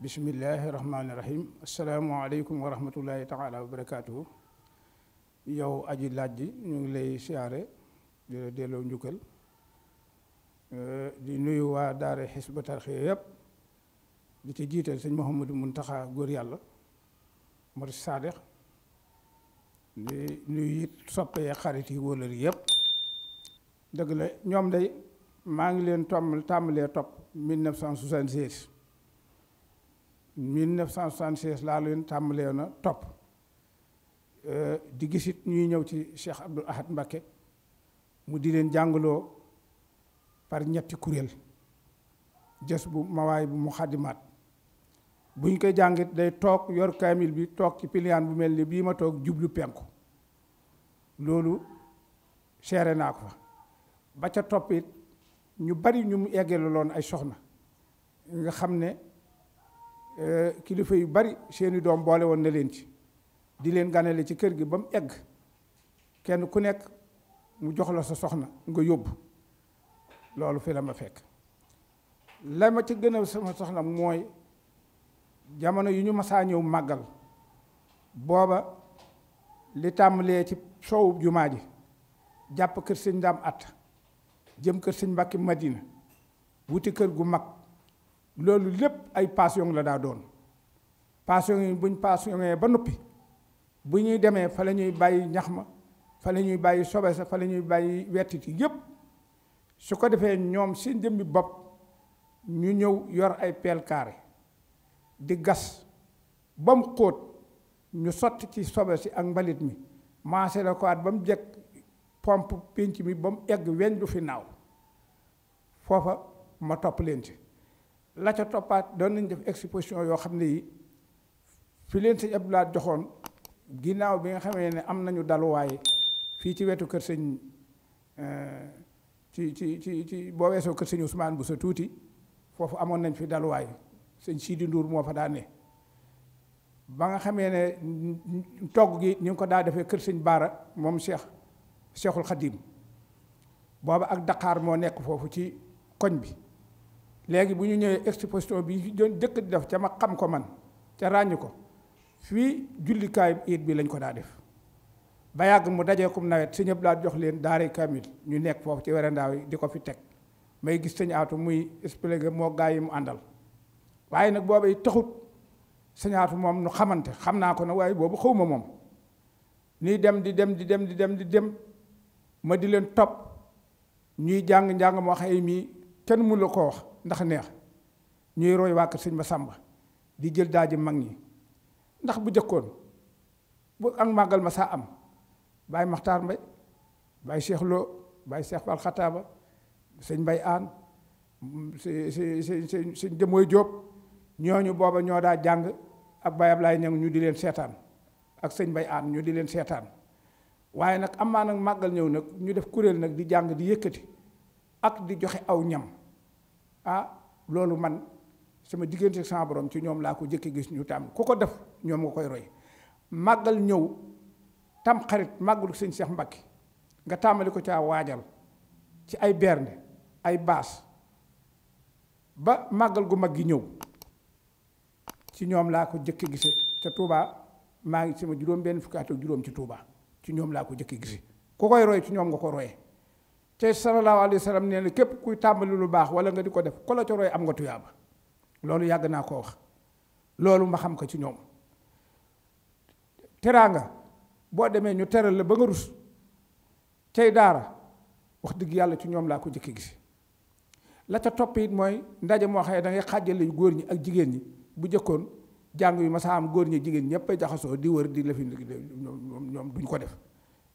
bismillahi rahmaani rahim asalaamualeykum wa rahmatullahi taala wa barakaatuhu yow aji laaj ji ñu ngi lay siyaare di la delloo njukkal di nuyu waa daara Hizbut Tarqiyyah yëpp di ci jiital sëñ Mouhamadou taxa góor yàlla Mor Saadix di nuyu it soppee xarit yi wóolër yëpp dëgg la ñoom day maa ngi leen tomm tàmbalee topp 1976 1976 laa leen tàmbalee na topp euh, di gisit ñuy ñëw ci Cheikh Abdoul Ahad Mbacké mu di leen jàngaloo par ñetti kuréel jës bu mawaay bu mu xaddimaat buñ ko jàngit day toog yor kaamil bi toog ci piliyaan bu mel ni bii ma toog jublu penku loolu seere naa ko fa ba ca toppit ñu bari ñu mu eggee loon ay soxna nga xam ne Euh, kilifa yu bari seeni doom boole woon na leen ci di leen ganale ci kër gi ba mu egg kenn ku nekk mu jox la sa soxna nga yóbbu loolu fi la ma fekk la ma ci gën a sama soxna mooy jamono yu ñu masaa ñëw màggal booba li tàmbalee ci soowu jumaa ji jàpp kër sëñ Ndaam at jëm kër sëñ Mbàkke Madina wuti kër gu mag loolu lépp ay passion la daa doon passion yi buñ passionné ba noppi bu ñuy demee fa la ñuy bàyyi ñax ma fa la ñuy bàyyi sobe sa fa la ñuy bàyyi wettiti yépp su ko defee ñoom si jëmbi bopp ñu ñëw yor ay peel carré di gas ba mu xóot ñu sott ci sobe si ak mbalit mi maase la ko at ba mu jekk pompe pénc mi ba mu egg weñ du fi naaw foofa ma topp leen ci la ca toppaat doon nañ def exposition yoo xam ne yi fi leen sëñ Abdoulaye joxoon ginnaaw bi nga xamee ne am nañu daluwaay fii ci wetu kër sëñ euh, ci ci ci ci boo weesoo kër sëñ bu sa tuuti foofu amoon nañ fi daluwaay sëñ Sidi Ndour moo fa daan ne ba nga xamee ne togg gi ñu ngi ko daa defee kër sëñ Baara moom Cheikh Cheikhul Khadim booba ak daqaar moo nekk foofu ci koñ bi léegi bu ñu ñëwee exposition bi doon jëkk di def ca ma xam ko man ca ràññ ko fii jullikaay it bi lañ ko daa def ba yàgg mu dajee kum nawet si laa jox leen daare kamil ñu nekk foofu ci werandaaw yi di ko fi teg may gis sëñ muy expliqué moo gaa yi mu àndal waaye nag boobu taxut sëñ aatu moom nu xamante xam naa ko nag waaye boobu ma moom nii dem di dem di dem di dem di dem ma di leen topp ñuy jàng njàng moo xëy mii kenn mënu la ko wax ndax neex ñuy roy waa kër sëñ Masamba di jël daaji mag ñi ndax bu jëkkoon bu ak màggal ma saa am baay Makhtar Mbaye Baye Cheikh Lo Baye Cheikh Xataaba sëñ Mbaye Aan si si si si si Jëmooy Jóob ñooñu booba ñoo daa jàng ak Baye laay Ñang ñu di leen seetaan ak sëñ Mbaye Aan ñu di leen seetaan waaye nag amaa nag màggal ñëw nag ñu def kuréel nag di jàng di yëkkati ak di joxe aw ñam ah loolu man sama diggante sama borom ci ñoom laa ko jëkke gis ñu tam ku ko def ñoom nga koy roy màggal ñëw tam xarit màggalu sëñ Cheikh Mbacké nga tàmmali ko caa waajal ci ay bernde ay baas ba màggal gu mag gi ñëw ci ñoom laa ko jëkke gise te Touba maa ngi sama juróom benn fukki juróom ci Touba ci ñoom laa ko jëkk gise ku koy roy ci ñoom nga ko roy te sallallahu alayhi wa sallam nee na képp kuy tàmbali lu baax wala nga di ko def ko la ca roy am nga tuyaaba loolu yàgg naa koo wax loolu ma xam ko ci ñoom teraa nga boo demee ñu teral la ba nga rus cay daara wax dëgg yàlla ci ñoom laa ko njëkk gis la ca topp it mooy ndaje moo xëye da ngay xàjjale yu góor ñi ak jigéen ñi bu jëkkoon jàng yu ma saa am góor ñi jigéen ñëpp ay jaxasoo di wër di lëfi ñoom duñ ko def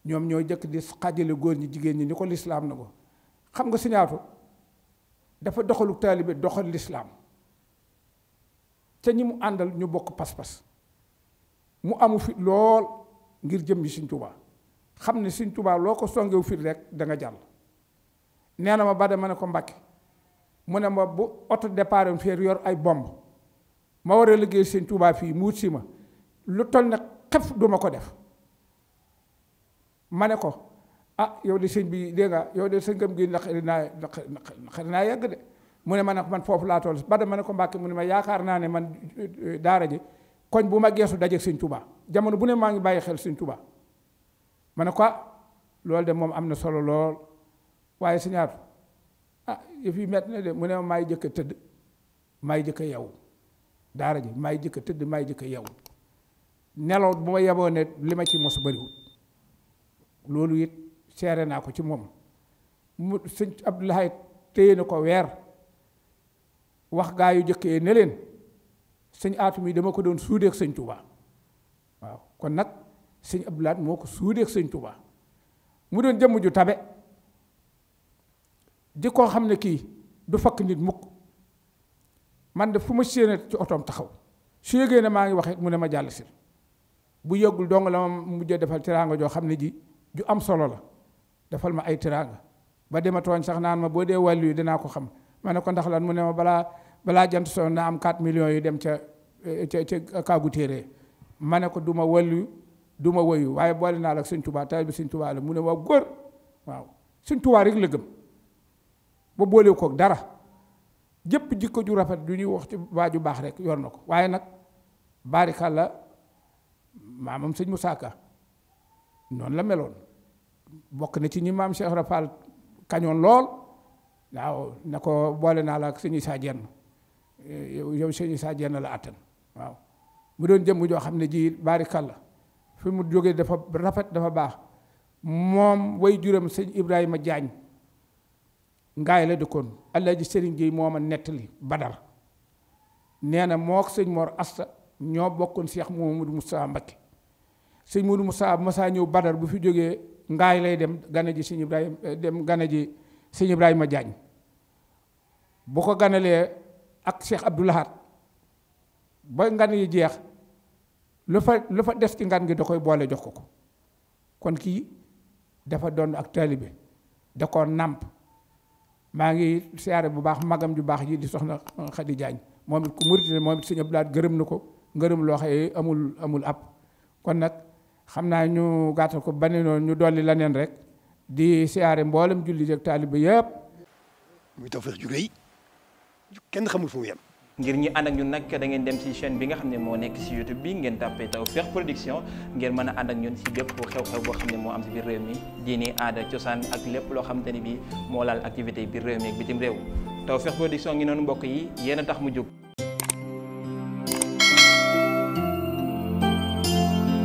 ñoom ñoo jëkk di xaajale góor ñi jigéen ñi ni ko lislaam na ko xam nga siñaatu dafa doxalu taalibe doxal lislaam te ñi mu àndal ñu bokk pas-pas mu amu fit lool ngir jëm yi Sëñ Tuubaa xam ne Sëñ Tuubaa loo ko songewu fit rek danga nga jàll nee na ma ba ma ne ko Mbàkke mu ne ma bu oto départ am feer yor ay bomb ma war a liggéey Sëñ Tuubaa fii mu wut si ma lu toll ne xef duma ko def ma ne ko ah yow de sëñ bi dégg nga yow de sëñ gëm gi naqari naa naqari naa yegg de mu ne ma ne man foofu laa toll ba de ma ne ko mbàkke mu ne ma yaakaar naa ne man euh, daara koñ bu ma geesu daje sëñ jamono bu ne maa ngi bàyyi xel sëñ Tuubaa ma ne ko ah loolu de moom am na solo lool waaye sëñ Aatu ah yëf met na de mu ne ma maay jëkk a tëdd maay jëkk a yow daara ji maay jëkk a tëdd maay jëkk a yow nelaw bu ma yeboo ne li ma ci mos bëriwul loolu it seere naa ko ci moom mu sëñ Abdoulaye téye na ko weer wax gaa yu jëkkee ne leen sëñ aatu mi dama ko doon suudeeg sëñ Touba waaw kon nag sëñ Abdoulaye moo ko suudeeg sëñ Touba mu doon jëmm ju tabe di koo xam ne kii du fakk nit mukk man de fu ma séenee ci otoom taxaw su yëgee ne maa ngi wax mu ne ma jàll si bu yëgul dong la ma mujj defal teraanga joo xam ne ji ju am solo la defal ma ay tiraanga ba dema tooñ sax naan ma boo dee wàllu yi dinaa ko xam ma ne ko ndax lan mu ne ma balaa balaa jant so na am 4 millions yu dem ca eh, ca ca kaagu téere ma ne ko du ma wàllu du ma woyu waaye boole naa la Sëñ Tuubaa tay bi Sëñ Tuubaa la mu ne waaw góor waaw Sëñ Tuubaa rek la ba boole ko dara jëpp jikko ju rafet du ñuy wax ci waaju baax rek yor na ko waaye nag barikalla maamam Sëñ mu saaka noonu la meloon bokk na ci ñi maam Cheikh Rafal kañoon lool waaw ne ko boole naa la ak sëñ Issa yow sëñ Issa Dieng la attan waaw mu doon jëmm joo xam ne ji barikalla fi mu jógee dafa rafet dafa baax moom way juram sëñ Ibrahima jaañ ngaay la dëkkoon Alaaji Sëriñ Jéy moo ma nettali Badar nee na moo ak sëñ Mor Asta ñoo bokkoon Cheikh Mouhamadou Moustapha Mbacké sëñ Modou Moussa Moussa ñëw Badar bu fi jógee ngaay lay dem gane ji sëñ Ibrahima eh, dem gana ji sëñ Ibrahima Diagne bu ko ganalee ak Cheikh Abdou Lahad ba ngan yi jeex lu fa lu fa des ci ngan gi da koy boole jox ko ko kon kii dafa doon ak taalibe da koo nàmp maa ngi siyaare bu baax magam ju baax yi di soxna Khady jaañ moom it ku murit moom it sëñ Abdou Lahad gërëm na ko ngërëm loo xëyee amul amul ab kon nag xam naa ñu gàttal ko bane noonu ñu dolli leneen rek di siyaare mboolem jullit ak taaliba yëpp. muy Tawfekh ju rëy kenn xamul fu yam yem. ngir ñu ànd ak ñun nag da ngeen dem ci chaîne bi nga xam ne moo nekk ci YouTube bii ngeen tàppee Tawfekh Production ngeen mën a ànd ak ñun ci bépp xew-xew boo xam ne moo am ci biir réew mi diini aada cosaan ak lépp loo xamante ni bi moo laal activité biir réew mi ak bitim réew Tawfekh Production ngi noonu mbokk yi yéen a tax mu jóg.